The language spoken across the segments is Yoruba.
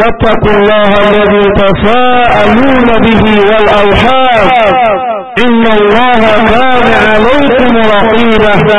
واتقوا الله الذي تساءلون به والأرحام إن الله كان عليكم رقيبا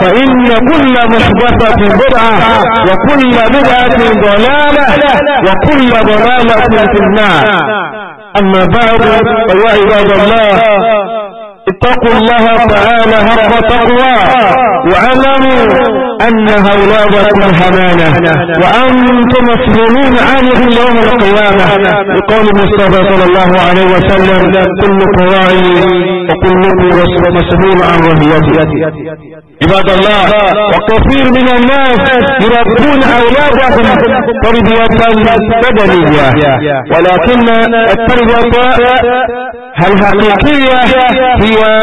فإن كل محدثة بدعة وكل بدعة ضلالة وكل ضلالة في النار أما بعد فيا عباد الله اتقوا الله تعالى حق تقوى واعلموا أن هولاوكم حنانه وأنتم مسلمون عنه يوم القيامة بقول المصطفى صلى الله عليه وسلم كل راعي وكلكم مسؤول عن رهيته عباد الله وكثير من الناس يربون أولادهم تربية بدنية ولكن التربية الحقيقية هي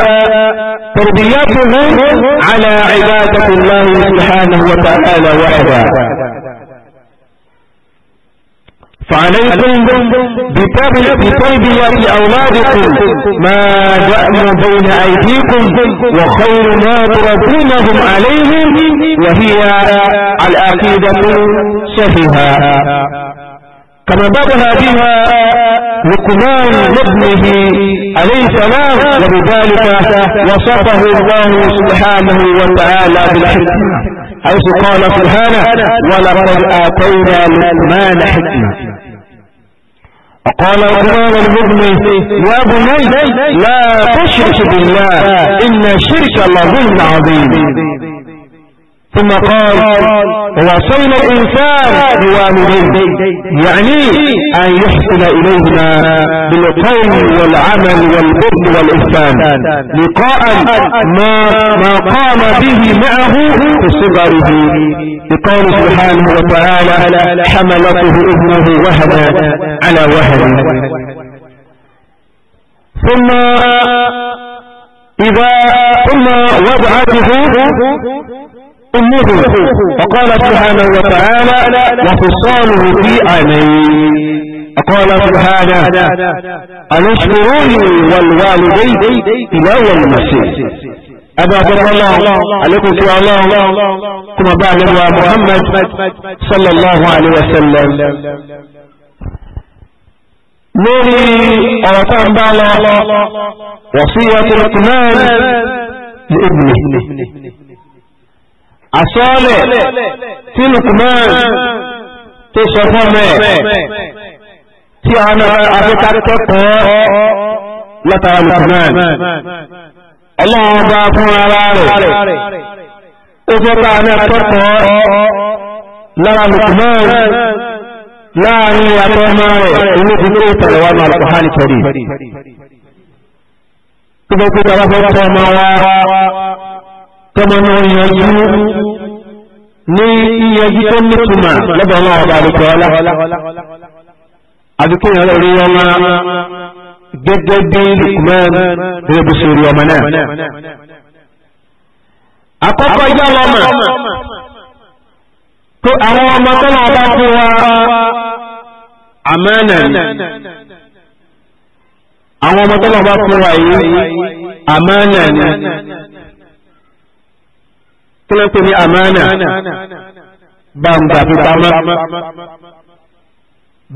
تربيتهم على عبادة الله سبحانه وتعالى وحده فعليكم بتربية أولادكم ما جاءنا بين أيديكم وخير ما تردونهم عليهم وهي العقيدة الصحيحة كما بدأ بها لقمان ابنه عليه السلام وبذلك وصفه الله سبحانه وتعالى بالحكمة حيث قال سبحانه ولقد آتينا لقمان حكمة وقال لقمان لابنه يا بني لا تشرك بالله إن الشرك لظلم عظيم ثم قال ووصينا الإنسان بوالديه يعني أن يحسن إليهما بالقول والعمل والبر والإحسان لقاء ما, ما قام به معه في صغره بقول سبحانه وتعالى حملته ابنه وهنا على وهن ثم إذا ثم وضعته أمه فقال سبحانه وتعالى وفصاله في عينيه فقال سبحانه أن اشكروني والوالدي إلى المسيح أبا بر الله عليكم يا الله كما بعد محمد صلى الله عليه وسلم نوري أرطان بالا وصية رقمان لابنه àsọ́ọ̀lẹ̀ tí Lukman tó sọ fún mẹ́ tí a náà afẹ́ká kẹ́kọ̀ọ́ látara Lukman ọlọ́run bá fún ara rẹ̀ ó fẹ́ bá náà kẹ́kọ̀ọ́ lára Lukman láàrin àtọ́ máa rẹ̀ inú bí ó tẹ̀lé wà máa lọ́pọ̀ hàn kẹrì. Gbogbo gbogbo àwọn afẹ́ká kọmọ náà yanjú ní yíyanjú tó nítumà lọ́dọ̀ náà ọba àlùkò ọlá àbíkú yẹn lórí ọmọ gẹ́gẹ́ bí Lukman rẹ̀bùsọ̀rọ̀ ọmọ náà. àkọ́kọ́ ìjà lọ́mọ pé àwọn ọmọ tó náà bá fún wa àmánà àwọn ọmọ tó náà bá fún wa yìí àmánà ni kílẹ̀ pé ní àmánà bá ń gbà pípamọ́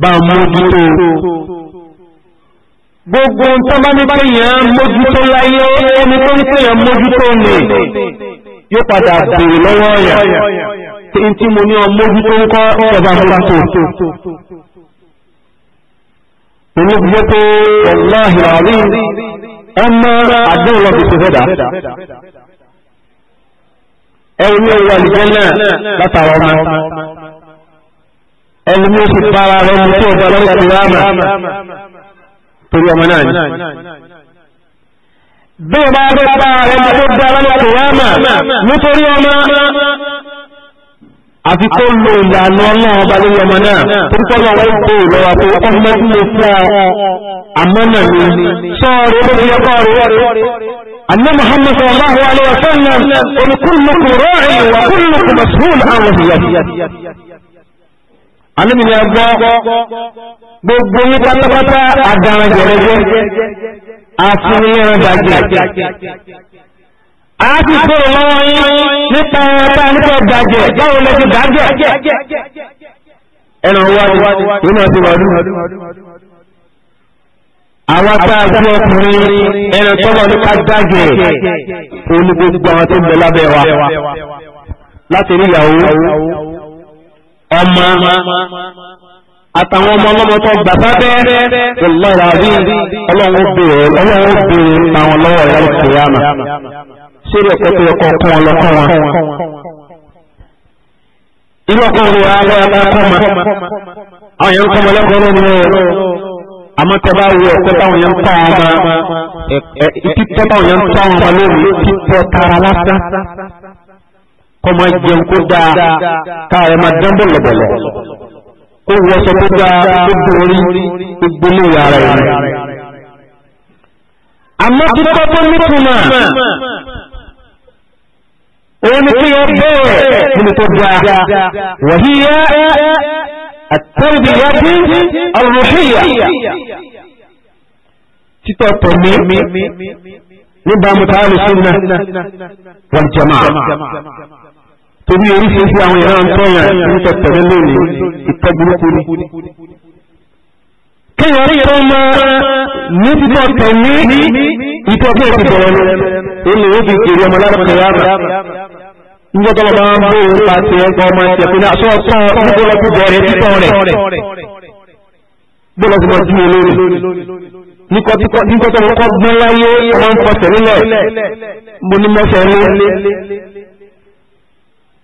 bá ń mójútó gbogbo ntọ́mọ́nìbá yẹn mójútó láyé ẹni tó ń pè yẹn mójútó ni yóò padà béèrè lọ́wọ́ yẹn tí tí mo ní ọ ń kọ́ ọba mójútó. Èmi gbé pé ọmọ àdéhùn lọ́dún fẹ́ dà ẹ̀rù ní owó àlùjẹ́nà látara ọmọ ẹ̀rù ní oṣù para rẹ̀ ní tó ọba lọ́wọ́ ti ráàmà torí ọmọ náà ni. bí ọba rẹ̀ para rẹ̀ ní tó ọba lọ́wọ́ ti ráàmà nítorí ọmọ àfi kó lo ìlànà ọlọ́run lórí ọmọ náà torúkọ náà wọ́n kó e lọ́wọ́ pé ọmọ tí fún ọ àmọ́ náà ni sọ́ọ̀rọ̀ ó ti yẹ kọ́ ọ̀rọ̀ أن محمد صلى الله عليه وسلم قل كلكم راعي وكلكم مسؤول عن رعيته alẹ́ mi ni a gbọ́ gbogbo yín pátápátá àdàrà jẹ̀rẹ̀jẹ̀ àfihàn bàjẹ́ a ti sọ̀rọ̀ lọ́wọ́ yín nípa ẹ̀ta nípa bàjẹ́ báwo lẹ ti bàjẹ́ ẹ̀rọ wájú nínú ọdún ọdún àwọn tá a jẹ́ ọkùnrin ẹni tọ́lọ̀ ní ká dágẹ̀ òun gbogbo àwọn tó ń bẹ lábẹ́ wa láti rí ìyàwó ọmọ àtàwọn ọmọ ọlọ́mọ tó gbà sábẹ́ ìlọ́ra rí ọlọ́run bèrè ọlọ́run bèrè àwọn lọ́wọ́ ìyá ìkìyàmà ṣé rí ẹ̀kọ́ tó yẹ kọ́ kún ọlọ́kọ́ wọn. irú ọkùnrin wa lọ́yà bá ma àwọn yẹn ń kọ́ mọ lẹ́kọ̀ọ́ lónìí àmọ́ tẹ́ bá wo ẹ̀kọ́ táwọn yẹn ń tọ́ àwọn ọmọ títọ́ táwọn yẹn ń tọ́ àwọn ọmọ lórí títọ́ tara lásán kọ́ máa jẹun kó dáa káàrẹ̀ máa dán bọ̀lọ̀bọ̀lọ̀ kó wọṣọ tó dáa tó borí gbogbo lórí ara rẹ̀. àmọ́ títọ́ tó nítumọ̀ òun ni kí wọ́n bẹ̀rẹ̀ nínú tó dáa wọ̀nyí yá التربية الروحية تتطمي نبا متعال السنة والجماعة torí oríṣiríṣi àwọn ìran tọ́yà ní tọ̀tẹ̀lẹ́ lónìí ìtẹ́gbùrúkúrú kéèyàn rí ìran máa ní títọ́ tẹ̀ ní ìtọ́jú ìtìbọ̀rọ̀ lónìí ó lè ó fi kéré ọmọ lára pẹ̀lú níjọ́ tó bá ń bó ipa ti ẹgbẹ́ ọmọ ẹ̀jẹ̀ pé aṣọ ọ̀tọ̀ níbo lọ sí bẹ̀rẹ̀ títọ́ rẹ̀ bó lọ sí bọ̀ sí olórí níkọ́ tó kọ́ gbọ́n láyé ọmọ ń fọṣẹ̀ nílẹ̀ mo ní mọ́ṣẹ̀ ní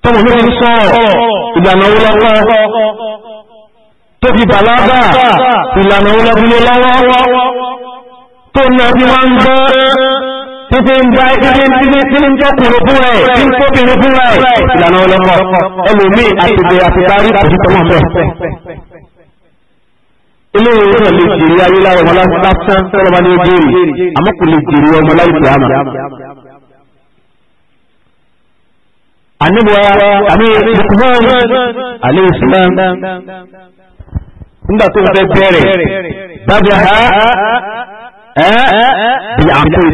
tọ́mọ mi ń sọ ìlànà owó lọ́wọ́ tó fi bàlágà ìlànà owó lọ́wọ́ tó náà fi wá ń gbọ́ títí ń bá títí títí títí ń jọkùnrin fún ẹ tí ń kóbìnrin fún ẹ ìlànà ọlọ́kọ ẹlòmíì àtìgbè àtìparí àti tọ́wọ́n bẹ́ẹ̀. ilé ìwé náà lè jèrè ayé lára ọmọ lásán tọ́lọ́ba ní ojú èrè àmọ́ kò lè jèrè ọmọ láyé tó àmà. àníbọ̀ àmì ìkùnmọ́n alẹ́ ìsìlám nígbà tó ń fẹ́ bẹ̀rẹ̀ bàbá ha bí àkídà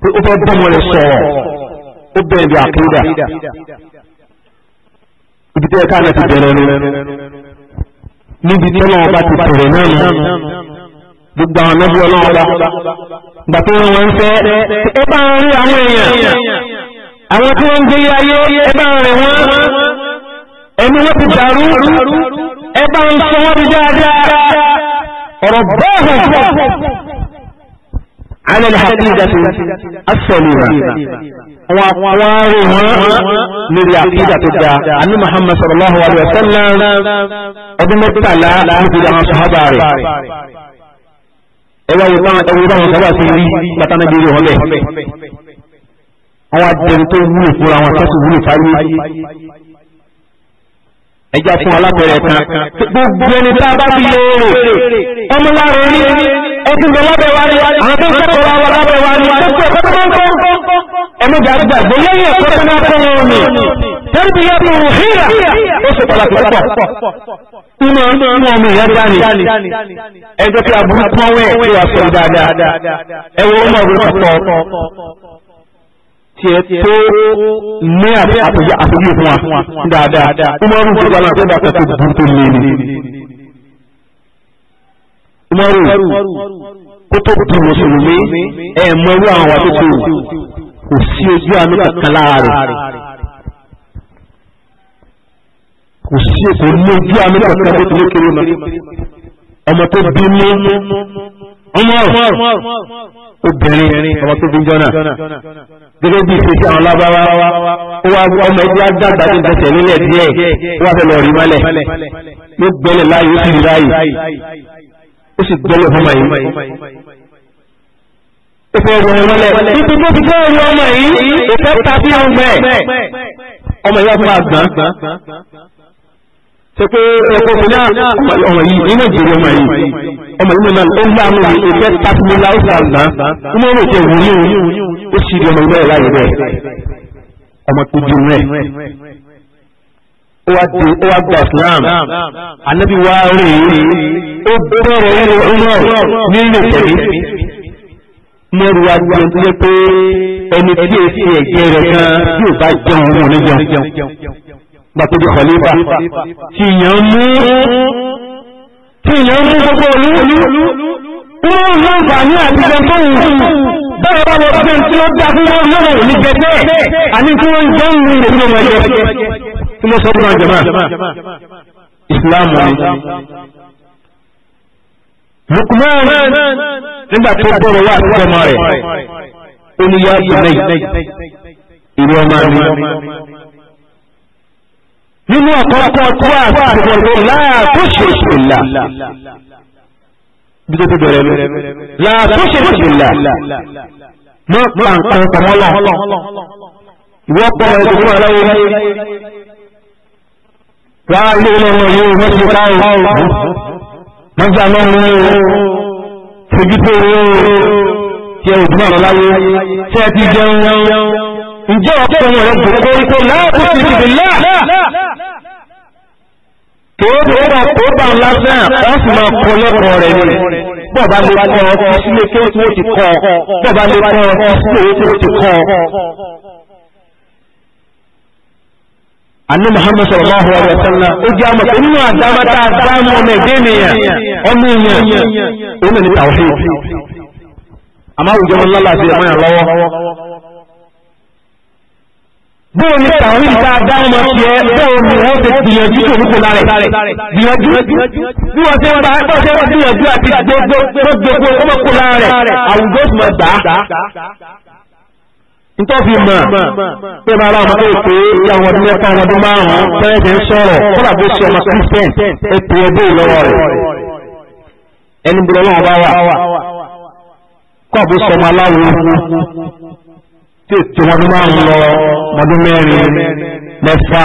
pé ó fẹ́ bọ́mọ rẹ̀ sọ̀rọ̀ ó bẹ̀rẹ̀ bí àkídà ibi tẹ́ ká lẹ́ ti bẹ̀rẹ̀ ni níbi tí ọlọ́run bá ti bẹ̀rẹ̀ náà nù gbogbo àwọn ọlọ́bí ọlọ́ọ̀lá gbà tó wọ́n ń fẹ́ ẹ bá ń rí àwọn èèyàn àwọn tí wọ́n ń gbé ayé ẹ bá ń rẹ̀ wọ́n ẹni wọ́n ti dàrú ẹ bá ń sọ wọ́n ti dáadáa رباهم على الحقيقة السليمة وأقوارها للعقيدة الداء أن محمد صلى الله عليه وسلم أدمت على أهد عن صحابة ẹwà ìbá ẹwùrọ̀ àwọn sábà sí rí bàtà nàìjíríà ọlẹ́ àwọn àjẹrù tó wúlò fúnra wọn tẹ́sù wúlò fáyé ẹja fún alábẹ̀rẹ̀ kan gbogbo ẹni tá a bá fi lè rè ọmọ láàrin rí ẹtùn lọ lábẹ́ wa ni àwọn tó ń kẹ́kọ̀ọ́ wa wà lábẹ́ wa ni gbogbo ẹ̀kọ́ tó máa ń kọ́ ẹnu gàrí gbàgbé lẹ́yìn ẹ̀kọ́ tó máa ń tiẹ̀ tó ní àfojú fún wa dáadáa umaru fún wa láti dáa kàtó burú tó lé ní. umaru kó tó di mùsùlùmí ẹ̀ mọ irú àwọn àti tó kò sí ojú àánú kankan lára rẹ̀ kò sí èkó ní ojú àánú kankan tó kéré mọ́ ọmọ tó bí ní. Umar obìnrin ọmọ tó bí jọ́nà gẹ́gẹ́ bí ìfẹ́ sí àwọn lábáwá ó wá ọmọ ẹgbẹ́ àgbàgbà tó gbẹ̀sẹ̀ nílẹ̀ díẹ̀ ó wá fẹ́ lọ rí mọ́lẹ̀ ló gbẹ́lẹ̀ láàyè ó sì rí láàyè ó sì gbẹ́lẹ̀ fọmọ yìí ó fẹ́ wọ mọ́lẹ̀ níbi tó fi fẹ́ rí ọmọ yìí ó fẹ́ ta sí ọmọ ẹ̀ ọmọ yìí wá fún àgbà ṣe pé ẹ̀kọ́ mi náà ọmọ yìí nínú ìjẹ́rìí ọmọ yìí ọmọ ìlú náà ó ń gbá mú mi ìfẹ́ tàbílá ó sàgbà ó mọ̀ òkè wù ní ó sì rí ọmọ ìlú ẹ̀rọ ayé rẹ̀ ọmọ tó di rẹ̀ ó wá di ó wá gba Islam anabi wa rè é ó bẹ̀rẹ̀ ìlú ọmọ nílò tẹ̀lé mẹ́rù wa gbé ní pé ẹni tí èsì ẹ̀jẹ̀ rẹ̀ kan yóò bá jẹun ọmọ oníjẹun gbàtọ́jú kọ̀lífà tìyàn mú tí èèyàn mú gbogbo olú ó ń láǹfààní àti jẹfóhùn bẹ́ẹ̀ wá lọ pé tí ó dá fún wọn lọ́wọ́ òní jẹjẹ́ àní tí wọ́n jẹ́ ń rìn nínú ọmọ ẹ̀jẹ̀ tí mo sọ fún wọn jẹ̀mọ́ ìsìláàmù ni. Lukman nígbà tó gbọ́rọ̀ wá àti ọmọ rẹ̀ ó ní yá ìlẹ́yìn ìlú ọmọ mi nínú ọ̀kọ̀ọ̀kọ̀ tó wà àtìkọ̀ọ̀kọ̀ láàtúnṣe ìlà bí tó ti bẹ̀rẹ̀ lọ láàtúnṣe ìlà mọ́ pàǹkan pọ̀mọ́lá ìwọ́pọ̀ ẹ̀dùnkún aláwọ̀ ní láà ilé ìlọ́wọ́ yóò mọ́sí káwọ̀ mọ́sí aláwọ̀ fojú tó tí ẹ òdùnmọ̀ aláwọ̀ tí ẹ ti jẹun ǹjẹ́ ọ̀pọ̀ ọmọ rẹ̀ gbogbo ikọ̀ láàtúnṣe ìlà tó rọ́rọ̀ tó bá ń lásán wọ́n sì máa kọ lẹ́kọ̀ọ́ rẹ̀ ni bọ́ọ̀bá lè kọ́ ọkọ̀ sílé kí ó ti wó ti kọ́ bọ́ọ̀bá lè kọ́ sílé kí ó ti kọ́ ó jẹ́ àmọ̀ a ọmọ ẹ̀dẹ́ nìyẹn ọmọ ìyẹn bóò ní tàwọn ìgbà dáhùnmọ́ ti ẹ bóò ní wọ́n ti gbìyànjú tó nípò lárẹ̀ gbìyànjú bí wọ́n ṣe ń bá ẹgbẹ́ ṣe wọ́n gbìyànjú àti gbogbo ọmọ kò lárẹ̀ àwùjọ sì máa gbà á. Ntọ́fi mọ̀ pé máa bá ọmọ tó pé ní àwọn ọdún mẹ́ta àwọn ọdún márùn-ún bẹ́ẹ̀ ti ń sọ̀rọ̀ kọ́lá bó ṣe ọmọ Christian ètò ẹgbẹ́ ìlọ́wọ́ rẹ̀. Ẹni bọ̀rọ̀ náà bá wà kọ́ bó ṣe ọmọ aláwo tí wọ́n máa ń lọ ọdún mẹ́rin mẹ́fà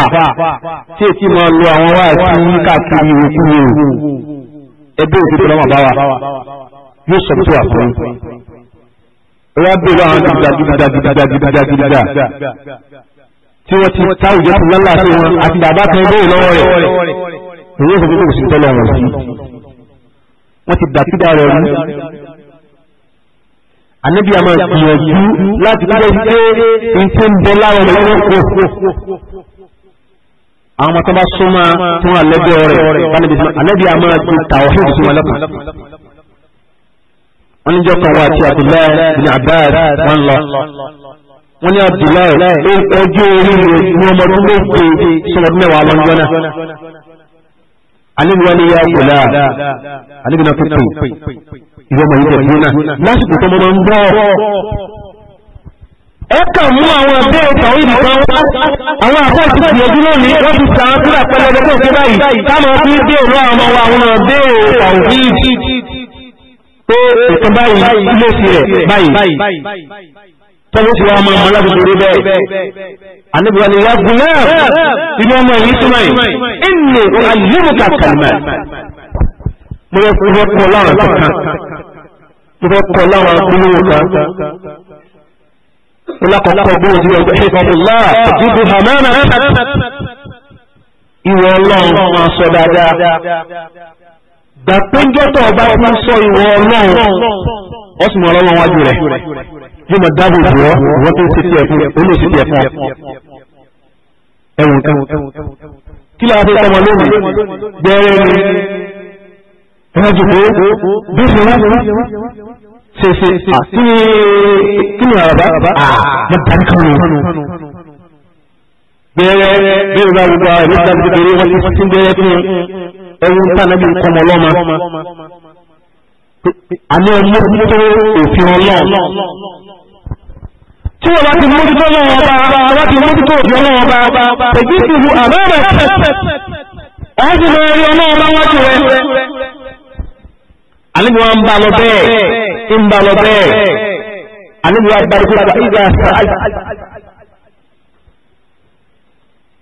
tí èkí máa lo àwọn wá sí káàkiri ìwòkú ni ẹgbẹ́ òkúta lọ́wọ́ bá wa yóò sọ tó àfọyín rábìlọ àwọn gidigagidigagidigagidiga tí wọ́n ti táwùjọ tó lọ́la sí wọn àti bàbá kan bóyè lọ́wọ́ rẹ̀ èyí ò sọ pé kò sí tọ́lọ̀ wọn sí wọ́n ti dàkídà rẹ̀ rú ànábì àmà gbìyànjú láti kúrò pé nǹkan ń bẹ láwọn ọmọ kò àwọn ọmọ tó bá súnmọ́ tó wà lẹ́gbẹ̀ẹ́ rẹ̀ ànábì àmà ti tàwọn fún ìdíjú wọn lẹ́kọ̀ọ́. wọ́n ní jọ́ kan wá àti Abdullahi bin Abbas wọn lọ wọ́n ní Abdullahi ọjọ́ orí rẹ̀ ní ọmọ tó ló pe sọmọdún mẹ́wàá lọ́jọ́ náà. àníbi wọn ni yá kùlá àníbi náà ìjọba yìí tẹ̀sí náà lásìkò tó mọ́ ń gbọ́ ẹ kàn mú àwọn ẹgbẹ́ ìtàwé ìdìkan wá àwọn àbọ̀ ti fi ojú lónìí wọ́n ti sàn án sílẹ̀ pẹ̀lú ẹgbẹ́ tó ṣe báyìí táwọn fi dé òru àwọn ọmọ wa àwọn ọdẹ ìtàwé pé ìtàn báyìí ilé ti rẹ̀ báyìí tọ́wọ́ ti wá máa mọ́ lábùkúrú bẹ́ẹ̀ anábìwá ni wá gùn náà inú ọmọ yìí súnmọ́ yìí ẹnì ayélujára kàlùmọ́ mo yẹ kó wọ́n kọ́ láwọn kankan tó fẹ́ kọ́ láwọn gbólóhùn kan lákọ̀ọ́kọ́ gbóhùn sí ọgbẹ́ ìfọ̀bùlá àdúgbò hamana ìwọ ọlọ́run máa sọ dáadáa gbà pé ọba sọ ìwọ ọlọ́run ó sì mọ ọlọ́run wájú rẹ̀ yóò mọ dáàbò bò ọ́ ìwọ́n tó ń ṣètì ẹ̀fún olóò ṣètì ẹ̀fún ẹ̀wọ̀n kan kí ló sọmọ lónìí gbẹ́rẹ́ ni ẹ̀rọ jùlọ bí ṣe wá ṣe ṣe kí ni àràbà àmọ́ darí kan nù. bẹ́ẹ̀rẹ̀ bẹ́ẹ̀ bá gbogbo àwọn ìlú ìdájọ́ kékeré wọ́n ti ń bẹ́ẹ̀rẹ̀ fún ẹ̀rù ń tà nábì kọ́mọ lọ́mọ. àmì ọmọ tó òfin ọlọ́ọ̀ tí wọ́n bá ti mójútó lọ́wọ́ ọba wọ́n ti mójútó òfin ọlọ́wọ́ ọba èyí ti hu àmọ́ rẹ̀ pẹ̀sẹ̀ ẹ̀ sì lọ rí ọlọ́wọ́ ọba wọ́n ti rẹ̀ àníbi wọn ń bá lọ bẹ́ẹ̀ ń bá lọ bẹ́ẹ̀ àníbi wọn bá dúró bá ìgbà sáájú.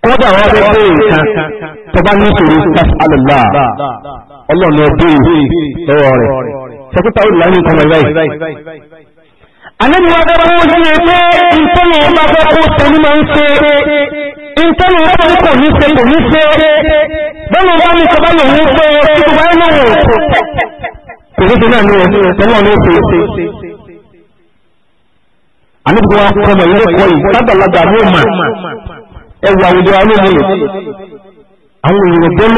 kódà wọn bẹ bẹ́ẹ̀ kan tó bá ní ìṣòro sàfàlùbà ọlọ́run ọdún lọ́wọ́ rẹ̀ sẹ́kítà olùlà ní nǹkan mẹ́rin báyìí. àníbi wọn bẹ bá wọn yíyẹ pé ìtọ́nà ọba bẹ kó sẹ́ni máa ń ṣe ìtọ́nà ọba kò ní ṣe kò ní ṣe bẹ́ẹ̀ ni wọ́n ní sọ bá lòun ṣe kí gbogbo ẹ̀ náà wò ó tòlótò náà ní ọ̀tọ́lọ́ ní oṣù àníbùkún wa kọmọ ilé ẹ̀kọ́ yìí lágbàlagbà ní ọmọ ẹwà àwùjọ alóòmù àwọn èèyàn bẹ́lẹ̀ dúró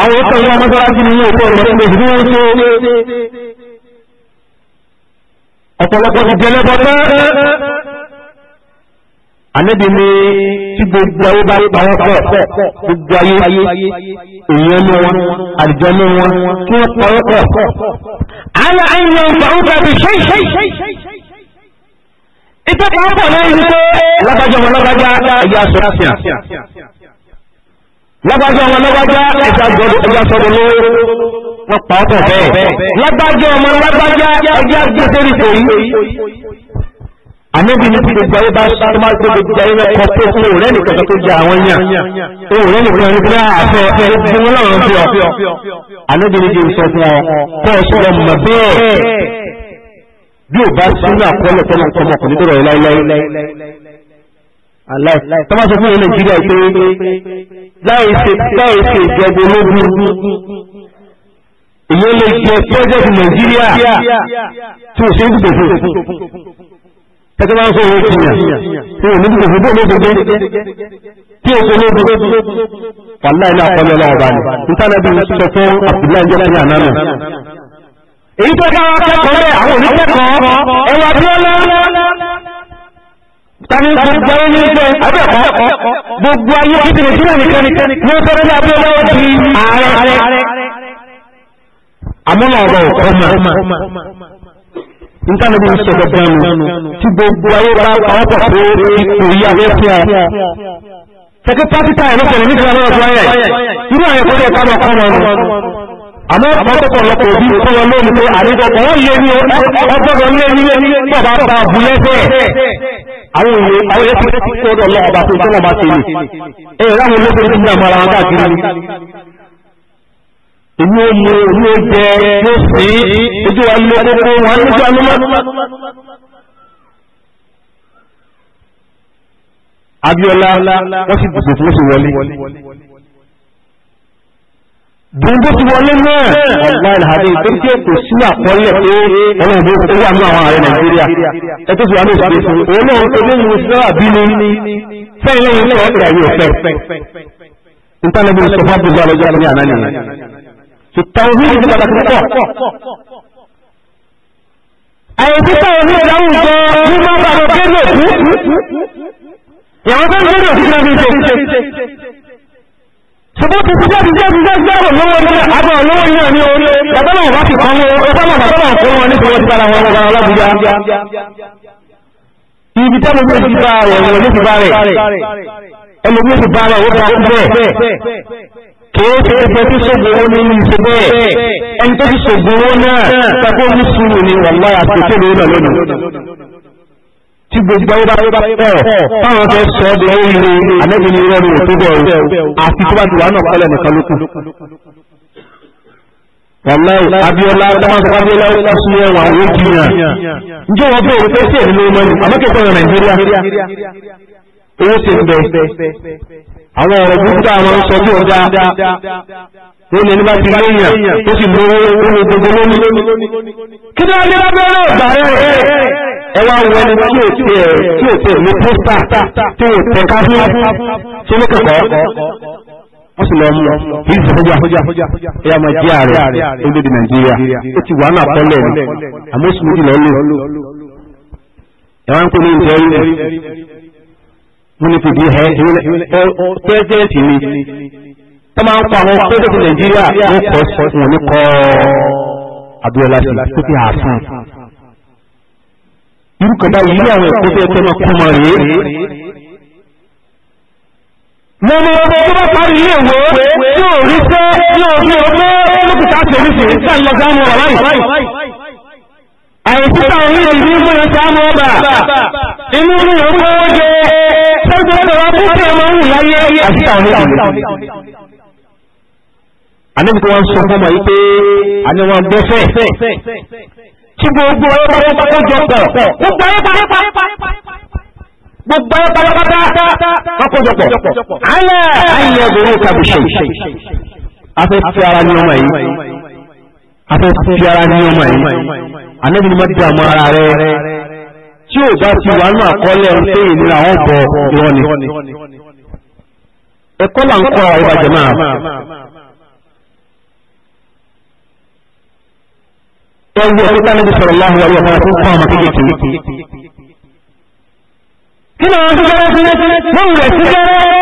àwọn ìtàn ìwà mọ́sálásí ní ilé ẹ̀kọ́ rẹ̀ lọ́sí ní oṣù ọ̀pọ̀lọpọ̀ ti jẹ́ lẹ́bọ̀tẹ́ ànẹ́bí ní tí gbogbo ayé bá pa wọ́n pọ̀ gbogbo ayé èèyàn ní wọn àdìjọ ní wọn tí wọ́n pa wọ́n pọ̀. àyà àyà ń fa ń fa bí ṣe ṣe ìtọ́ pa wọ́n pọ̀ lẹ́yìn wípé lágbájá wọn lágbájá ẹ̀yà sọ́ọ́sìà lágbájá wọn lágbájá ẹ̀yà sọ́ọ́dọ̀ lówó wọ́n pa wọ́n pọ̀ bẹ́ẹ̀ lágbájá ọmọ lágbájá ẹ̀yà gbèsè rìpò yìí ànábì ní ti gbogbo ayé bá tó máa tó gbogbo ayé lọ kọ pé kó rẹ nìkan tó jẹ àwọn yàn ó rẹ nìkan ní bíi àfẹ ẹ bí wọn lọrọ fi ọ ànábì ní ti sọ fún ọ kọ ọsọ lọ mọ bẹ́ẹ̀ bí ò bá sínú àkọọ́lẹ̀ tọmọ tọmọ kò ní dọ̀rọ̀ yìí láéláé aláì tọmọ sọ fún yìí nàìjíríà pé láì ṣe láì ṣe ìjọba ológun èyí ó lè jẹ pẹjẹsì nàìjíríà tí ò ṣe é dìbò fún tẹ́tẹ́ bá ń sọ òun tìyàn tí òun níbi òfin bóòlù òdodo tí òfin olódo wàhálà ilé àkọlé ọlọ́wọ́ bá ní nítorí bí sọ fún Abdullahi jẹ́ fún àná náà. èyí tó dára kẹ́kọ̀ọ́ rẹ̀ àwọn oníkẹ́kọ̀ọ́ ẹwà tí wọ́n lọ́wọ́ tani kò gbáwé ní ilé abẹ́kọ̀ gbogbo ayé títí nìjíríà nìkan ní wọ́n sọ̀rọ̀ ní abúlé lọ́wọ́ di ààrẹ àmúlọ̀ ọ̀rọ̀ ọ̀kọ́ nítorí bí n ṣe gbẹgbẹnu tí gbogbo ayé bá pàwọ́pọ̀ pé ipò yí abẹ́ fún ọ. Tẹ̀kí pátítà ẹ̀ lọ́pọ̀ nígbà náà ọ̀dọ́ ayẹ̀. Irú àyẹ̀ kó lè ká lọ kọ́ wọn. Àmọ́ ọ̀pọ̀lọpọ̀ lọ́pọ̀ òbí kọ́ wọn lónìí pé àríkọ̀ kọ́ wọ́n lé ní ọgbọ́dọ̀ lé ní bàbá bá bu lẹ́sẹ̀. Àwọn òye àwọn èyí ti kó ọdọ̀ lọ́wọ́ bá tó tó wọn bá ṣe ni. Ẹ̀rọ àwọn olóṣèlú ti dààmú ara wọn káàkiri èmi ò mú èmi ò jẹ yóò sí ojú wa ló kókó wọn nígbà mímọ́. Abíọ́lá wọ́n sì dìbò fún oṣù wọlé. Bùnbó ti wọlé náà. Ọ̀gá ìlàdé ìgbésí ètò sí àkọọ́lẹ̀ pé ọmọ ìbò ó wà ní àwọn ààrẹ Nàìjíríà. Ẹ tó ti wà ní òṣèlú fún un. Òun náà ń ní Mùsùlùmí àbí ni fẹ́yìn lẹ́yìn náà ọ̀gá yóò fẹ́. Ntánilẹ́bí sọ fún Abdullah lọ́jọ́ àbúrò àná nìyẹn tòtàwùhí ní pàtàkì púpọ̀. àìsí tàwùhí ìdáhùn jọ ní máa bá lọ gbé lòkú ìyàwó tó ń gbé lòkú náà fi ṣe. ṣùgbọ́n ti ṣiṣẹ́ ti ṣe ṣiṣẹ́ gbẹ́rù lówó ní àbọ̀ lówó ní òní orí bàbá náà wá fi kan lówó bàbá náà bàbá náà kó wọn ní tiwọn ti bára wọn lọ́gbà ọlọ́gbùjá. ibi táwọn ọmọ ìdíbà rẹ̀ wọ̀nyí ti bá rẹ̀ ẹlòmíì ti bá rẹ̀ wọ́n kìí ṣe é ṣe tí ṣògbówó ní ìṣe bẹ́ẹ̀ ẹni tó ti ṣògbówó náà tàbí omi sùúrù ni wàlá àti ìṣèlú náà lónìí tí gbogbo ayé bá pẹ̀ táwọn fẹ́ sọ ọ́ di oríire àlẹ́bí ni irọ́ ni ò tó bẹ̀rù àti tó bá ti wà náà pẹ́lẹ̀ nìkan lókun. wàláì Abíọ́lá dáhùn Abíọ́lá ó sún ẹwà owó jiyàn njẹ́ wọ́n bẹ̀rù pé sí ẹ̀mí ló mọ́ni àmọ́ kí n sọ̀rọ̀ Nàìjíríà owó ti ń bẹ̀ àwọn ọ̀rọ̀ gbogbo àwọn sọ bí ọjà ó ní ẹni bá ti léèyàn ó sì lówó owó gbogbo lónìí. kí ni adé lábẹ́rẹ́ ọ̀gbà rẹ̀ ẹ wá wọ ẹni tí ò tẹ ẹ tí ò tẹ ní pósítà tí ò tẹ káfí tí ó ní kẹkọọ wọ́n sì lọ mú kí ìsọfúnjà ẹ̀yà máa jẹ́ ààrẹ orílẹ̀-èdè nàìjíríà ó ti wà náà pọ́lẹ̀ àmọ́ sùn méjìlá ó lò ẹ̀wọ̀n ń pè ní ìtẹ́rí wọ́n ní fìdí ẹ̀ pẹ́sẹ́ǹtì ni tó máa ń pa àwọn pẹ́sẹ́ǹtì nàìjíríà wọ́n kọ́ sọ wọn ní kọ́ abiola sí pípẹ́ àfún irú kan báyìí ilé àwọn ẹ̀kọ́ bẹ́ẹ̀ tẹ́lẹ̀ kú mọ̀ rèé mo ní ọmọ tó bá parí ilé ìwé tí ò rí sẹ́ tí ò rí ọgbẹ́ lókùtà àtẹ̀rísì sáà lọ sáà mọ̀ wà láyìí àìsíta orí ìlú fún ẹ̀sẹ̀ àmọ́ ọba inú ní ọkọ̀ oúnjẹ gbogbo ọ̀rọ̀ púpọ̀ máa ń wù láyé àti àwọn méjì àníbi tí wọ́n sọ fún ọmọ yìí pé àní wọn gbẹ́fẹ́ tí gbogbo ọ̀rọ̀ pátápátá kó jọ pọ̀ gbogbo ọ̀rọ̀ pátápátá gbogbo ọ̀rọ̀ pátápátá kó kójọ pọ̀ alẹ́ ayé obìnrin kàbùṣe afẹ́ fi ara ní ọmọ yìí afẹ́ fi ara ní ọmọ yìí àníbi ni wọ́n dààmú ara rẹ̀ tí ò bá ti wà nù àkọọ́lẹ̀ ń pé ìnira wọn bọ irọ́ ni ẹ̀kọ́ là ń kọ́ àwọn ìbàjẹ́ máa. ẹ wo ẹni tá níbi sọ̀rọ̀ láhùn wáyé ọ̀kan tó ń kọ́ ọmọ kékeré. kí ni àwọn tó fẹ́rẹ́ fún wọn wù rẹ̀ sí fẹ́rẹ́.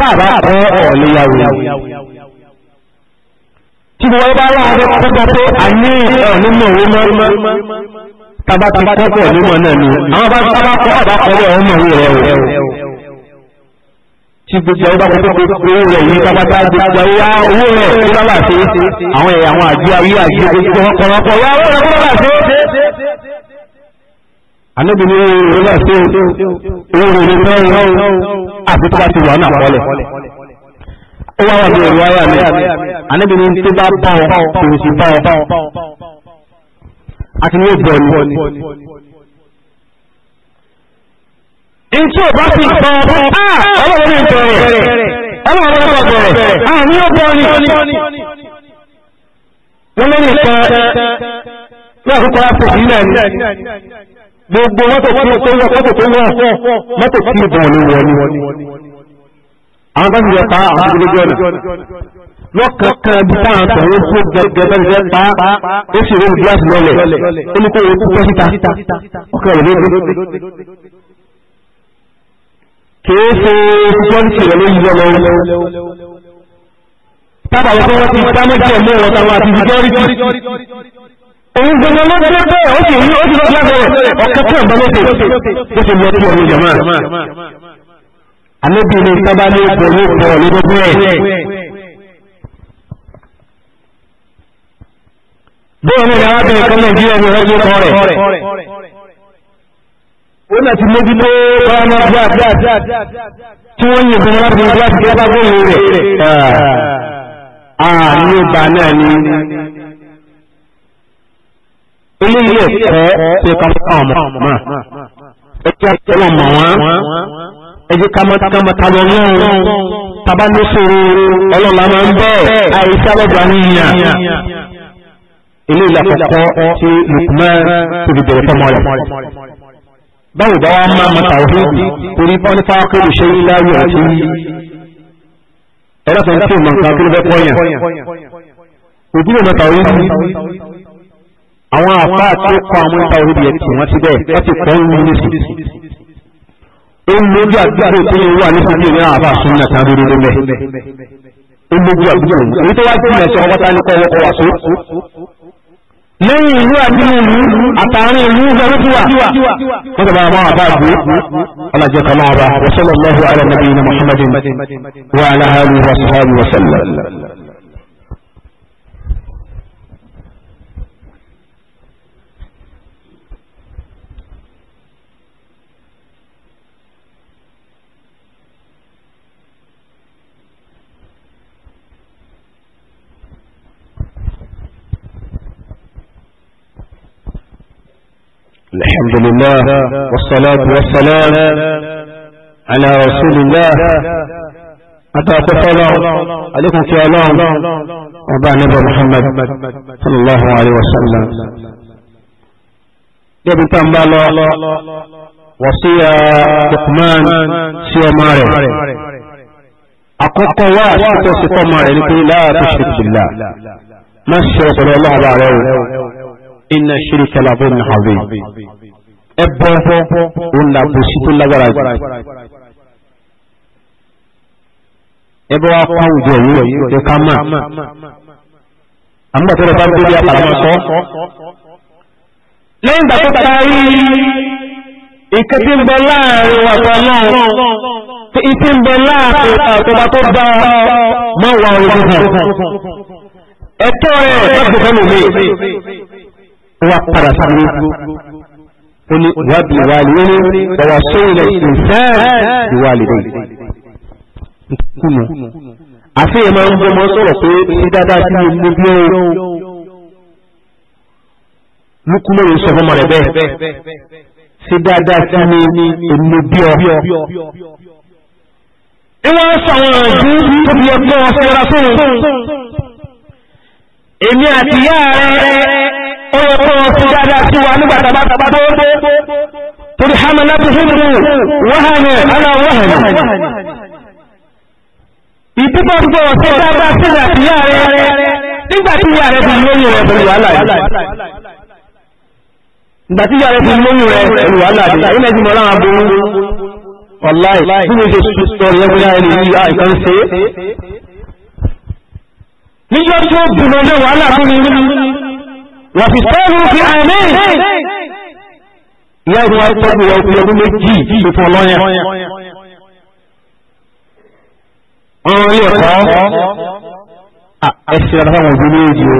táàbà kọ́ ọ̀lẹ́yàwó tí wọ́n bá láàárọ̀ tó gbà pé àní ọ̀nìmọ̀ owó mọ́ tábà ti kọ́kọ́ ọ̀nìmọ̀ náà ni àwọn bá tábà kọ́ ọ̀bá kọ́wọ́ ọmọ rẹ̀ rẹ̀ tí gbogbo ọba anábì ní ìròyìn náà sí ìròyìn náà àti tó bá ti wà náà pọ́lẹ̀ ó wá wà ní ìròyìn ayà mi anábì ní tó bá bá ọ kò sì bá ọ àti ní ìbọn ni ntí o bá ti bọ̀ ọ́ ọlọ́run ní ìbẹ̀rẹ̀ ọlọ́run ní ìbẹ̀rẹ̀ àmì ọ̀bọ̀ ni wọ́n lé nìkan ní àkókò àpò sílẹ̀ ni gbogbo mọ́tò tí ó wọ́ mọ́tò tó wọ́ mọ́tò tí ìbọn ní wọ́n ní àwọn bá ti jẹ pa àwọn tó gbogbo ọ̀nà lọ́kàn kan bí táwọn tọ̀wọ́ tó gẹ́gẹ́ bá ti jẹ pa ó sì rún gíláàsì lọ́lẹ̀ ó ní kó o kú pẹ́ síta ọkàn rẹ̀ lóde kìí ṣe security rẹ̀ lóyún lọ́wọ́ tábà wọ́n tó wọ́n ti dámẹ́jì ọ̀mọ́ wọn táwọn àti security òun gbogbo ló dé bẹ́ẹ̀ ó sì rí ó sì lọ lábẹ́ rẹ̀ ọ̀kẹ́ tó ọ̀bá lóṣè ó sì lọ sí ọ̀rọ̀ jàmá. àlébí ni sábà ní ipò ní ipò lójoojú ẹ̀. bẹ́ẹ̀ ni arábìnrin kan nàìjíríà ní ọjọ́ kan rẹ̀. ó náà ti mójú ló bára náà bí àbí àbí tí wọ́n yin ìgbìmọ̀ láti ní láti kí wọ́n bá gbóyè rẹ̀. àà ní ìgbà náà ni eléyìí ẹ̀kọ́ tó ká fún àwọn ọmọ ọmọ ẹ jẹ́ kí wọ́n mọ̀ wọ́n ẹ jẹ́ ká mọ́ ta lọ lọ́wọ́ tábà ní sòrò ọlọ́la máa ń bọ̀ àìsá lọ́gbà ní ìyàn eléyìí lákọ̀ọ́kọ́ tí Lukman tó fi bẹ̀rẹ̀ fọmọ rẹ̀ báwo bá wá máa mọ tàwọn torí bá ní fáwọn kéde ṣe ń láyé àti ẹ̀rọ tó ń tì mọ̀ nǹkan tó ń fẹ́ pọ́yàn òbí lè mọ tàwọn àwọn àfa tó kọ àwọn ìta orí yẹn tì wọ́n ti bẹ́ẹ̀ wọ́n ti kọ́ ń ní sí. ó ń lójú àdúgbò tó ń wà ní sàbí ìrìn àbá sún náà tán lórí lómẹ. ó ń lójú àdúgbò èyí tó wá sí ilẹ̀ sọ wọ́n ní kọ́ wà só. lẹ́yìn ìlú àti ìlú àtàrin ìlú ìjọba tó wà. wọ́n sọ báwọn àbá àbú alájọ kan máa bá wa sallallahu wa ala wa sahbihi wa sallam. الحمد لله والصلاة والسلام على رسول الله أتى فلاه عليكم في الله وبع نبي محمد صلى الله عليه وسلم يبن تنبال وصية لقمان سيو ماري أقوك واسطة سوى ماري لكي لا تشرك بالله ما صلى الله عليه وسلم iná ṣírí kẹlàbọ̀ ní àwẹ̀ ẹbọ òun làbòsí tó lágbára jù ẹbọ wa kó àwùjọ yìí ẹ ká mà àmúgbàtọ́ rẹ̀ bá ń gbé àpàràmọ́ sọ lẹ́yìn ìgbà tó parí ìkẹ́ tí ń bẹ láàrin wàtọ̀ náà tí ìtí ń bẹ láàrin àtọ́bà tó bá mọ́wàá ojú hàn ẹ̀tọ́ para wà padà sílé ó ní wàbí ìwàlì ó ní bàbá sóyìnlẹ̀ ìfẹ́ ìwàlì rẹ̀ kùnà àfihàn máa ń bọ́ mọ́ sọ̀rọ̀ pé sí dáadáa sí mo bí ó lukumoro sọ fún ọmọ rẹ bẹ́ẹ̀ sí dáadáa sí mi èmi bí ọ ìwọ́n sọ àwọn ọ̀dún tó fi ọgbọ́n ọ̀sẹ̀ ra fún un èmi àti ìyá rẹ̀ ó yẹ kó wọn fi dáadáa sí wa nígbà tabataba tó dé torí hamalatu himru wahana ala wahana ìdúpọ̀ gbọ́ ọ̀sẹ̀ dáadáa sí ìyá rẹ̀ nígbà tí ìyá rẹ̀ fi lóyún rẹ̀ pẹ̀lú wàhálà yìí ìgbàtí yàrá ti lóyún rẹ ẹnu wàhálà àdìyà ilé ti mọ̀ láwọn aburú ọ̀láì tí mo ṣe sọ rẹ bí láyé ní ìyá ìkan ṣe. níjọ́ tí ó bímọ wàhálà fún mi wàfìsẹ́rù fi àmì ìyá ìwà tọ́jú wa òkú ọdún méjì tó fún ọlọ́yẹ. wọ́n rí ẹ̀kọ́ ẹ̀sìn ọ̀dọ́ fáwọn òbí méjì o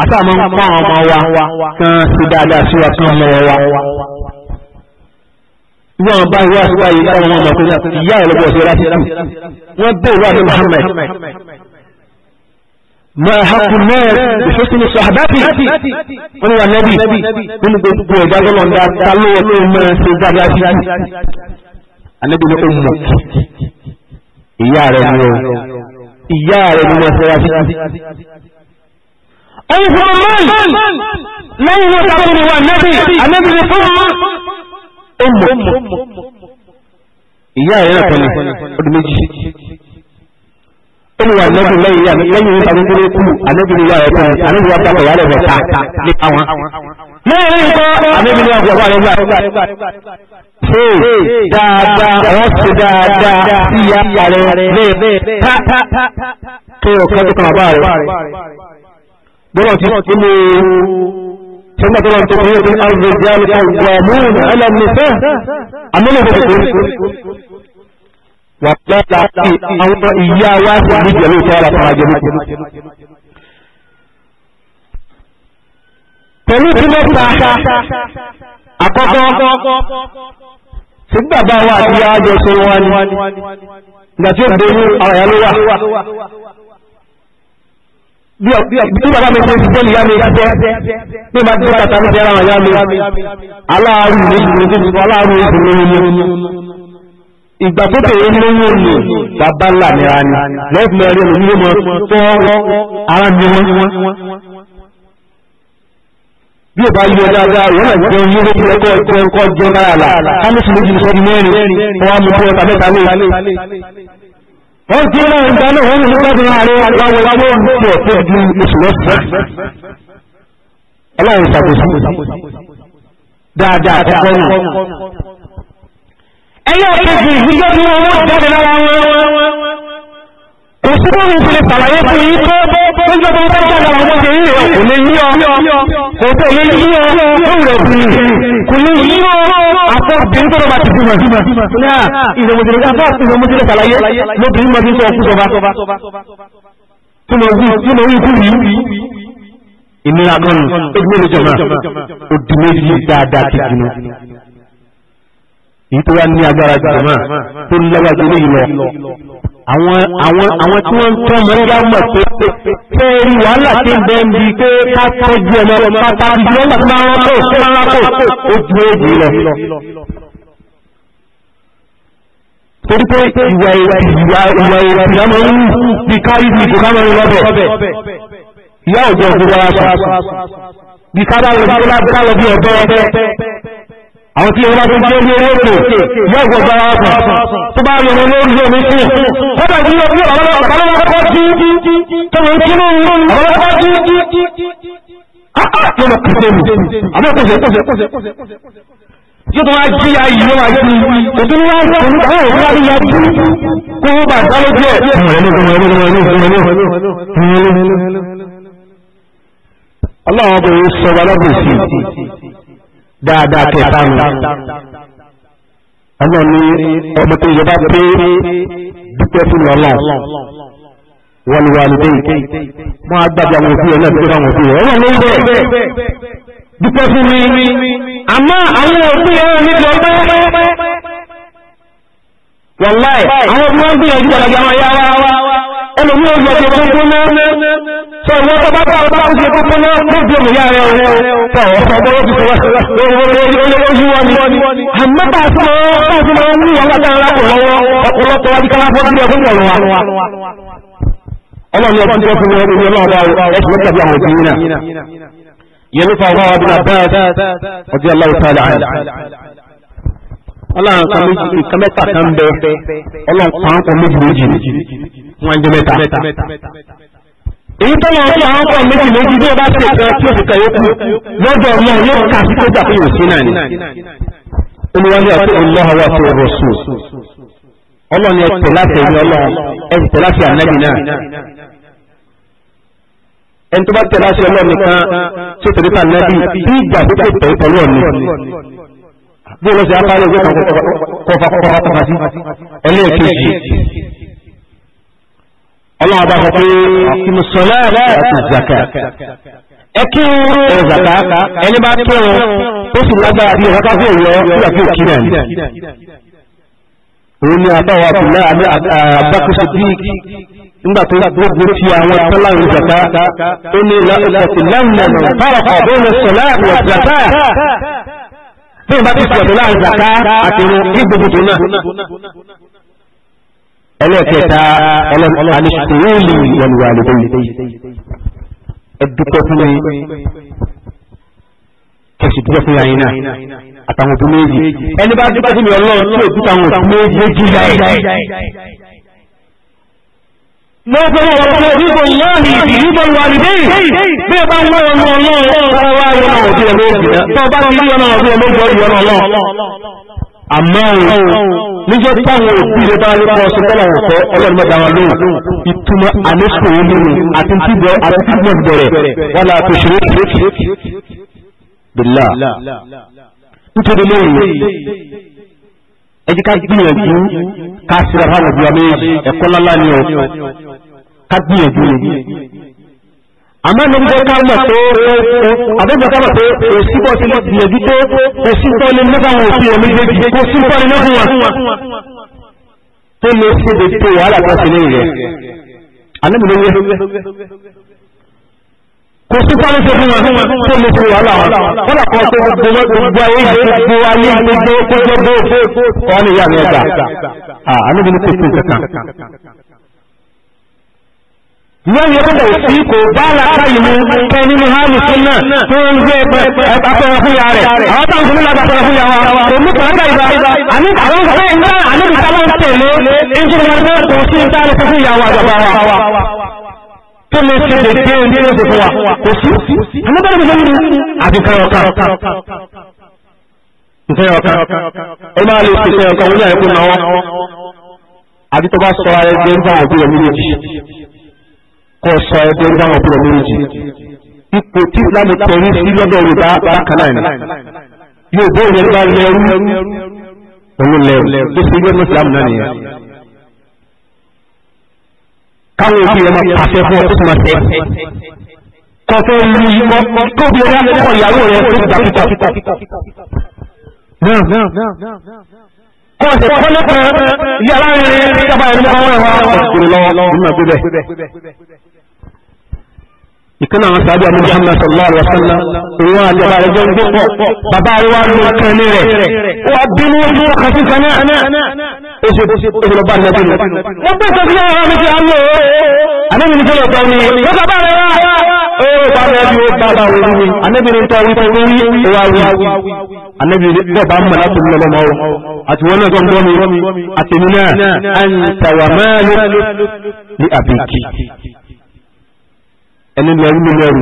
àti àwọn ọmọ ọmọ wa kan sí dáadáa sí wa kan mọ́ wa. Ibi àwọn bá ìwé àṣìwáyé káwọn ọmọ ọmọ pé ìyá ẹ̀ lọ́gbọ̀ọ́sẹ̀ láti wọ́n bẹ̀rù àti Muhammad ma hakun náà ìfẹ́sìn sọ̀hábàtì wọn wà nẹ́bí nínú gbogbo ẹ̀dá lọ́nà ta ló wọ́n tó mọ̀ ṣe dáadáa sí i. Ànábì ní ọmọ ìyá rẹ̀ ni ó ìyá rẹ̀ ni wọ́n ṣe wá sí i. Ẹyin fún ọmọ yìí lẹ́yìn wọn táwọn ọmọ wa nẹ́bí Ànábì ní fún ọmọ ìyá rẹ̀ náà tọ́ni ọdún méjì ẹni wà lẹ́bùn lẹ́yìn yá lẹ́yìn yóò sáré kúrò kú àlẹ́bìnrin yá ẹ̀kọ́ àlẹ́bìnrin yá bàtà wàlẹ̀ bẹ̀ ta lé àwọn. lẹ́yìn nǹkan àlẹ́bìnrin yá bàtà wàlẹ̀ bẹ̀ ṣe dáadáa ọ̀hún ṣe dáadáa sí ìyá rẹ̀ lẹ́ẹ̀ ta kí o kájú kan bá rẹ̀. bọ́lá ti ti lè sọ́nà tó lọ tó kọ́ yóò fi àwọn ìjẹ́ àlùkò gbàmúùn ẹlẹ́mìí fẹ́ àmúlò wà pẹ́ẹ́ta àwọn ìyá wa sì ní jẹ̀lú ìtara fara jẹ̀lú. pẹ̀lú tí wọ́n àkọ́kọ́ sígbà bá wà tí a jọ wọn ni ìgbà tí ó dojú ara ìyá ló wà. bí bàbá mi ṣe ń ṣiṣẹ́ ìyá mi ṣiṣẹ́ bí bá ti bàtà mi ṣe ara ìyá mi aláàrú ìṣòro aláàrú ìṣòro ìgbà tó tẹ̀yẹ lówó ni bàbá ńlá nira ni lẹ́ẹ̀kùn lọ́rẹ́ olùdílé mọ́ tó ara ni wọ́n. bí o bá yí ọ dáadáa ìwọ́n náà jẹun yóò fi ẹkọ ẹkọ ẹkọ jẹun lára là kámẹ́sì méjì ní sọ́dún mẹ́rin wọ́n á mú fún ọ̀tà mẹ́ta lé. wọ́n ti ń rán ìgbà náà wọ́n mú nípa ìrìn àárẹ̀ àwọn ìwáwọ́ ní ọ̀pọ̀ ju oṣù lọ́sàn-án. ọlọ́run ṣàkóso dáadáa àkọ́kọ́ náà ẹyẹ kejì ìgbìjọ́ tí wọ́n wọ́n jáde lára wọn kò sí bó ní ìpínlẹ̀ sàlàyé fún yí tó lójọ́ tó bá jáde àwọn ọmọdé yìí rẹ̀ kò lè yí ọ kò tó lè yí ọ lóhùn rẹ̀ sí kò lè yí ọ àfọ́bìnrin tó bá ti bímọ ìrẹ̀mọ̀tìrẹ̀ àfọ́ ìrẹ̀mọ̀tìrẹ̀ sàlàyé lóbìnrin mọ́ bí sọ ọkú sọba tí mo wí tí mo wí fún yìí ìnira gan-an ó gbé lójọ́ náà ó dì méjì dáadáa kejì náà èyí tó wá ní agbára jùlọ tó lágbára jùlọ yìí lọ àwọn àwọn àwọn tí wọ́n ń tọ́ mọ́ yá mọ̀ pé pé rí wàhálà tí ń bẹ́ẹ̀ bí pé ká tọ́jú ẹ̀ lọ pàtàkì jùlọ nígbà tí wọ́n rákò tí wọ́n rákò ó ju èjì lọ. torí pé ìwà ìwà ìwà ìwà ìwà máa ń wù bí káyí ní ìjọba máa ń lọ́bẹ̀ ìyá òjò òjò wàrà sọ bí ká bá lọ bí ọ̀dọ́ ọ̀dọ́ àwọn tí ìwọ́n tó jẹ́ ní orí èkó yóò gbogbo ara kan tó bá rí ọmọ lórí omi fún kọ́dà bí ọmọ ọ̀pọ̀lọpọ̀ jí tọ́wọ́ ìkínú ọ̀pọ̀lọpọ̀ jí yóò lọ kàtẹ́ mi àbẹ́ kọ̀sẹ̀ kọ̀sẹ̀ yóò tó wá jí ayé yóò wá jí òtún wá rí ọmọ àwọn òkú wá rí ya jí kó wọ́n bá dá lójú ẹ̀. ọlọ́run ọbẹ̀ yóò sọ dáadáa kẹta nù ọlọ́run ní ọmọ tó yẹ bá pé dúpẹ́ fún ọlọ́run wọlúwalùdé mọ́ agbájá àwọn òfin ọlọ́run dúpẹ́ fáwọn òfin ọlọ́run ló ń bẹ̀ dúpẹ́ fún mi àmọ́ àwọn òfin ọlọ́run ní lọ pẹ́ wọ́n láì àwọn òfin wọn gbìyànjú ọ̀làjà wọn yára wá ẹlòmí ò yẹ kí gbogbo náà sọ ìwọ́n tó bá bá ọba ó ṣe gbogbo náà tó di òmìnira rẹ o tọ ọ̀sán bọ́lá ti sọ̀rọ̀ olówó wọn ni. àmọ́ bá a sọ bá a sọ máa ń wúwo lágbára lápò lọ́wọ́ ọ̀pọ̀lọpọ̀ wa ní kálá fún ọdún ẹ̀kọ́ ìwọ̀n wa. ọlọ́run ọdún tó fún mi ọdún ọlọ́run bá ẹ̀sùn mẹ́ta bí àwọn òbí náà. yẹn ló fa ọba wa bí na bẹ́ẹ̀ ọdún aláwọ̀ tá ọlọ́run kan mẹ́ta kan bẹ ọlọ́run kan kan méjì méjì wọn jẹ mẹ́ta. èyí tó lọ sí àwọn ọkọ méjì méjì bí o bá ṣe kan tí o sì kàn yókù lọ́dọ̀ ọmọ yóò kà sí tó gbà pé yóò sí náà ni. olùwàlẹ̀ àti olùwàlẹ̀ àti rọ̀ṣù ọlọ́ni ẹ tẹ̀lé àti ẹ̀yìn ọlọ́run ẹ tẹ̀lé àti ànábì náà. ẹni tó bá tẹ̀lé àti ọlọ́run nìkan tó tẹ̀lé àti ànábì bí ìgbà tó tẹ̀ tẹ̀ pẹ̀lú ọ̀nì bí olóṣèlú apá ilé ìwé kan kọfà kọfà kọfà sí ẹlẹ́ẹ̀kejì ọlọ́run bá sọ pé àkínú sọlá àti zaka ẹ kí n rú ẹ zaka ẹni bá kírun ó sì lágbára bí ọ̀rọ̀ káfíń lọ nígbà tí ò kí náà ni. òun ni àbáwọ̀ àbúlá àbákòsí bíi nígbà tó gbogbo ti àwọn tọ́láwọn zaka ó ní ìlàkùnkùn lẹ́yìn ẹ̀nà tààràkọ̀ bóyá sọlá àti zaka bí n bá ti sọ̀tọ̀ láàrin zaka àti irun náà ẹlẹ́ẹ̀kẹta alẹ́sùkúrúlì wọlùwàlùdé ẹdúpẹ́ fún mi kẹsì dúpẹ́ fún yàyín náà àtàwọn òbí méjì ẹni bá dúpẹ́ sí mi ọlọ́run tí òbí táwọn òbí méjì láì lọ́pọ̀ ọ̀pọ̀ orúkọ ìyáàlì ìrúbọ̀ ìwàlùdé bí ẹ bá ń wọ́n ọmọ ọlọ́run ọ̀rọ̀ wa ìwọ̀n òbí ẹ̀ méjì náà bá ń wọ́n níjọ́ táwọn òkú ilé bá rí bọ́ sọ́kọ́lá ọ̀fẹ́ ọlọ́run mẹ́ta wọn lóhùn ìtumọ̀ àlékòó nínú àti tíbọ̀ àti tíbọ̀ bẹ̀rẹ̀ wọn là tó ṣeré bìlá nítorí lóòrùn ẹjí ká gbìyànjú ká síra fáwọn ìgbìyànjú ẹ̀kọ́ lálá ni ọ ká gbìyànjú àmá lórígbọ́ ká mọ̀ tó àbẹ́gbọ́ ká mọ̀ tó òsíbọ̀ ti lọ gbìyànjú tó òsíbọ̀ lè mẹ́ta wọn òfin ẹ̀mí méjì kó síbọ̀ lè lọ́fún wọn tó lè ṣe lè tó wàhálà kan sí lẹ́yìn rẹ̀ alẹ́mi lórí kò síbọ̀ lè ṣe fún wọn tó lè ṣe wàhálà wọn kọ́lá kan tó gbogbo gbogbo ayé gbogbo ayé gbogbo gbogbo kọ́ ni ìyá mi ẹ̀dá alẹ́mi ló kò sí nǹkan wọ́n yẹ kó sí kò bá látàrí mú kẹ nínú hálù súnmọ́ tó ń gbé ẹgbàpẹ̀rẹ̀ fún ya rẹ̀ àwọn táwọn fún lágbàpẹ̀rẹ̀ fún ya wa kò mú kọ̀ọ̀kọ̀ ìbá àní àwọn ọ̀rẹ́ ìgbà àní ìtàwọn tẹ̀lé ìjọba kò sí ìtàlẹ̀ fún ya wa jọba wa tó lè ṣe lè dé ní ẹ̀sẹ̀ fún wa kò sí àmọ́bẹ̀rẹ̀ mi lórí àbíkẹ́ ọ̀kan ìfẹ́ ọ̀kan ẹ máa lè ṣe ìfẹ́ ọ̀kan wọ́n yà kọ́ sọ ẹgbẹ́ orí báwọn ọ̀pọ̀lọpọ̀ méjì ipò tí islam tẹ̀rí sí lọ́dọ̀ yorùbá bákan náà ni yóò bó ìrẹ́lú bá lẹ́rú òun lẹ́rú tó ṣe gbẹ́nu islam náà nìyẹn. káwọn òbí rẹ̀ máa pàṣẹ fún ọ tó máa tẹ̀. kọ́tọ́ ìlú yìí kọ́ kóbi ẹ̀rọ akọ́kọ́ ìyàwó rẹ̀ tó ti dàpítà. kọ́ ọ̀sẹ̀ kọ́ lẹ́kọ̀ọ́ yàrá rẹ̀ ní ìjọba ẹ̀rọ mọ́ ìkan náà sáájú àmì Muhammad sallallahu alaihi wasallam òun àti ọba rẹ̀ jẹ́ ń gbọ́pọ̀ bàbá rẹ̀ wá ní ọkàn ní rẹ̀ wà bínú ní ọkàn sí kan náà ó ṣe òṣèlọ́bà nàbí rẹ̀ wọ́n bẹ́ sọ sílẹ̀ àwọn méjì á lò ó anábì ní sọ́yọ̀ tọ́ ni wọ́n bàbá rẹ̀ wá ó bá rẹ̀ bí ó bá bá wọ́n ní anábì ní tọ́ wípé ó rí wí anábì ní bẹ́ẹ̀ bá mọ̀ láti lọ lọ́mọ àti wọn náà gbọ́ mi àtẹ̀mí náà ẹni lọ́rí mi lẹ́rù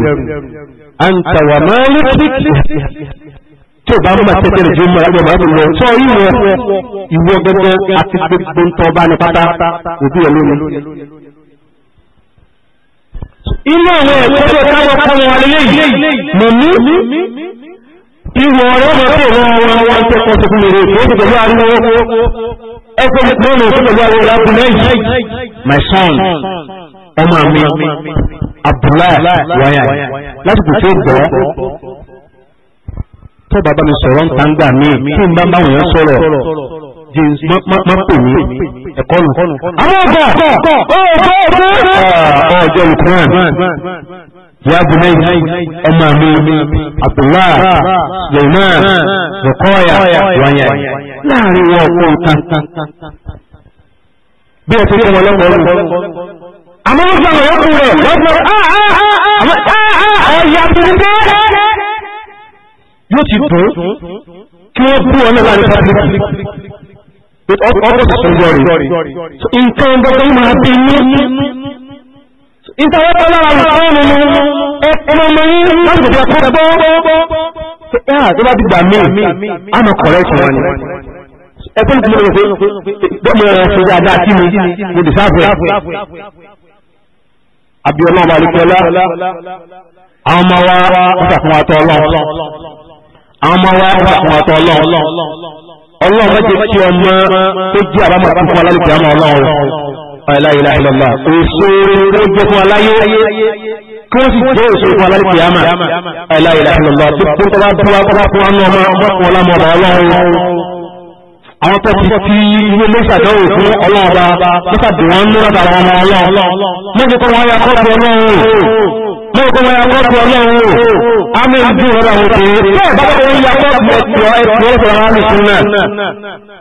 à ń máa ń lókìkì tí o bá mú àti rẹ̀ jẹ́ mọ́ ẹgbẹ́ mọ́ ẹgbẹ́ sọ ìwọ gẹ́gẹ́ àti gbogbo ń tọ́ bá ní pátá òbí ẹ̀ lónìí. inú àwọn ẹ̀kọ́ tó táwọn kan wà lélẹ́yìí mọ̀ mú ìwọ̀ ọ̀rẹ́ ọ̀rẹ́ tó wọ́n wọn wọn tó kọ́ tó kúrò tó ti gbẹ̀gbẹ́ àríwọ̀ ẹ̀kọ́ mọ́nà tó gbẹ̀gbẹ́ àríwọ̀ lápùlẹ̀ my son abdullahi wayan lásìkò tí ó gbọ́ tó bàbá mi sọ̀rọ̀ ń ta ń gbà mí kí n bá báwọn yẹn sọ̀rọ̀ james mọ́pè mí ẹ̀kọ́ nù. àwọn ọ̀gá ọ̀gá ọ̀gá ọ̀jọ̀ lukman ya bunai ọmọ mi abdullahi suleiman rukoya wanya láàrin wọn kó nǹkan bí ẹ ti kọ́ wọn lọ́wọ́ àmọ́ ó fẹ́ràn yókù rẹ̀ lọ́pọ̀ ọ̀yà tìǹbà yóò ti dùn kí wọ́n bú ọ náà láti pàtàkì ọkọ̀ tuntun yọrí nǹkan ọgbọ́n máa bí ní ìtawọ́pọ̀ lára àwọn ọmọ ẹ̀pọ̀ mọ́ ní láti pẹ̀lú ọkọ̀ ẹ̀bọ́ ẹ̀hà tó bá ti gbà mí àmọ́ kọ̀rẹ́ ìtàn wọn ni ẹ̀pọ̀ nítorí pé gbọ́mọ̀ ẹ̀rọ ṣe dáadáa kí ni mo dì sáfẹ́ abiola ọba àlùkọ́lá àwọn ọmọ wa ọjà fún wa tọ́ ọlọ́run àwọn ọmọ wa ọjà fún wa tọ́ ọlọ́run ọlọ́run bá jẹ́ kí ọmọ tó jẹ́ àbámọ̀ fún wa lálùkọ́ àmọ́ ọlọ́run aláìlá ìlọ́lá èso tó jẹ́ fún aláyé kí wọ́n sì jẹ́ èso fún alálùkọ́ àmọ́ aláìlá ìlọ́lá tó tó bá fún wa fún wa fún wa náà ọmọ fún wa lámọ̀ ọlọ́run àwọn tó ti fi ilé lẹ́sàdánwò fún ọlọ́ọ̀ba lẹ́sàdùn wọn ní ọ̀dà àwọn ọmọ ọlọ́ọ̀ mẹ́jọ tó wọ́n ya kọ́ọ̀bù ọlọ́ọ̀ mẹ́jọ tó wọ́n ya kọ́ọ̀bù ọlọ́ọ̀ àmì ìdí ọ̀rọ̀ àwọn òkè bẹ́ẹ̀ bá wọ́n ya kọ́ọ̀bù ẹ̀tọ́ ẹ̀tọ́ ẹ̀tọ́ àwọn àmìsùn náà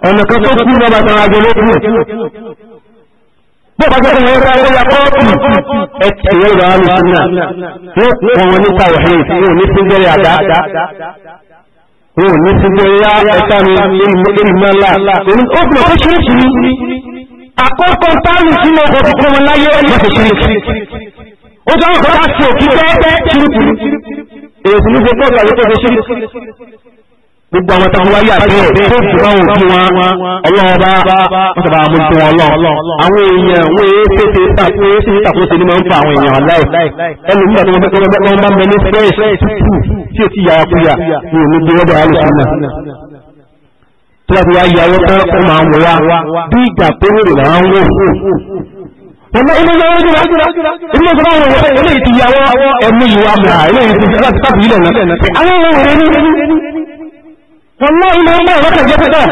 ọ̀nà kan tó kú lọ́ba tàn àjọ lókù bó bá jẹ́ ìwé ọ̀rọ̀ ya kọ́ọ̀bù ẹ̀tọ́ ẹ̀tọ́ àwọn àmìsùn náà wọ́n wọn nípa òhìn wọn ò ní ti gbé yá ẹ̀ta mi ìmọ̀lá ó fi ọ̀pọ̀ ṣíríṣì ní àkọ́kọ́ táàlù sí mọ́ ọkọ̀ wọn láyé ọ̀pọ̀ ṣíríṣì ó jọ ọ̀pọ̀ láti òkú pẹ́ẹ́pẹ́ ṣíríṣì èyí ní ṣe pọ̀ gbogbo àwọn táwọn wáyé àbẹ́ẹ̀ tó fi bá òfin wọn ọlọ́wọ́ bá wọ́n sábà mójútó wọn lọ. àwọn èèyàn wọ́n èé tètè tàkó tètè tàkó sí ni máa ń fa àwọn èèyàn láì. ẹnu nígbà tí wọ́n bá ń bẹ ní fresh tí o ti yàrá kúyà ní òní gbé wọ́n bá wà lóṣù náà. tó bá ti wá yàwó tán ó máa ń wá bí ìgbà tó wèrè làwọn ń wò. Ọmọ ilé ìyàwó jùlọ ilé ìjọba àwọn ọ̀rẹ́ ilé ìtìyàwó ẹ̀mú ìwà mìíràn ilé ìtìyàwó láti tábìlì lẹ̀ náà. Àwọn ọ̀rẹ́ ní والله ما ما ما كان جبته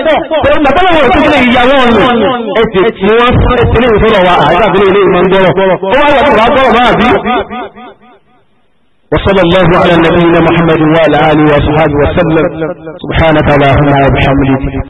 ما تلوه تقولي يا ولد أنت مو أنت اللي وصلوا هذا بني لي من جوا هو هذا هو هذا ما أبي وصلى الله على نبينا محمد وآل آله وصحبه وسلم سبحانك اللهم وبحمدك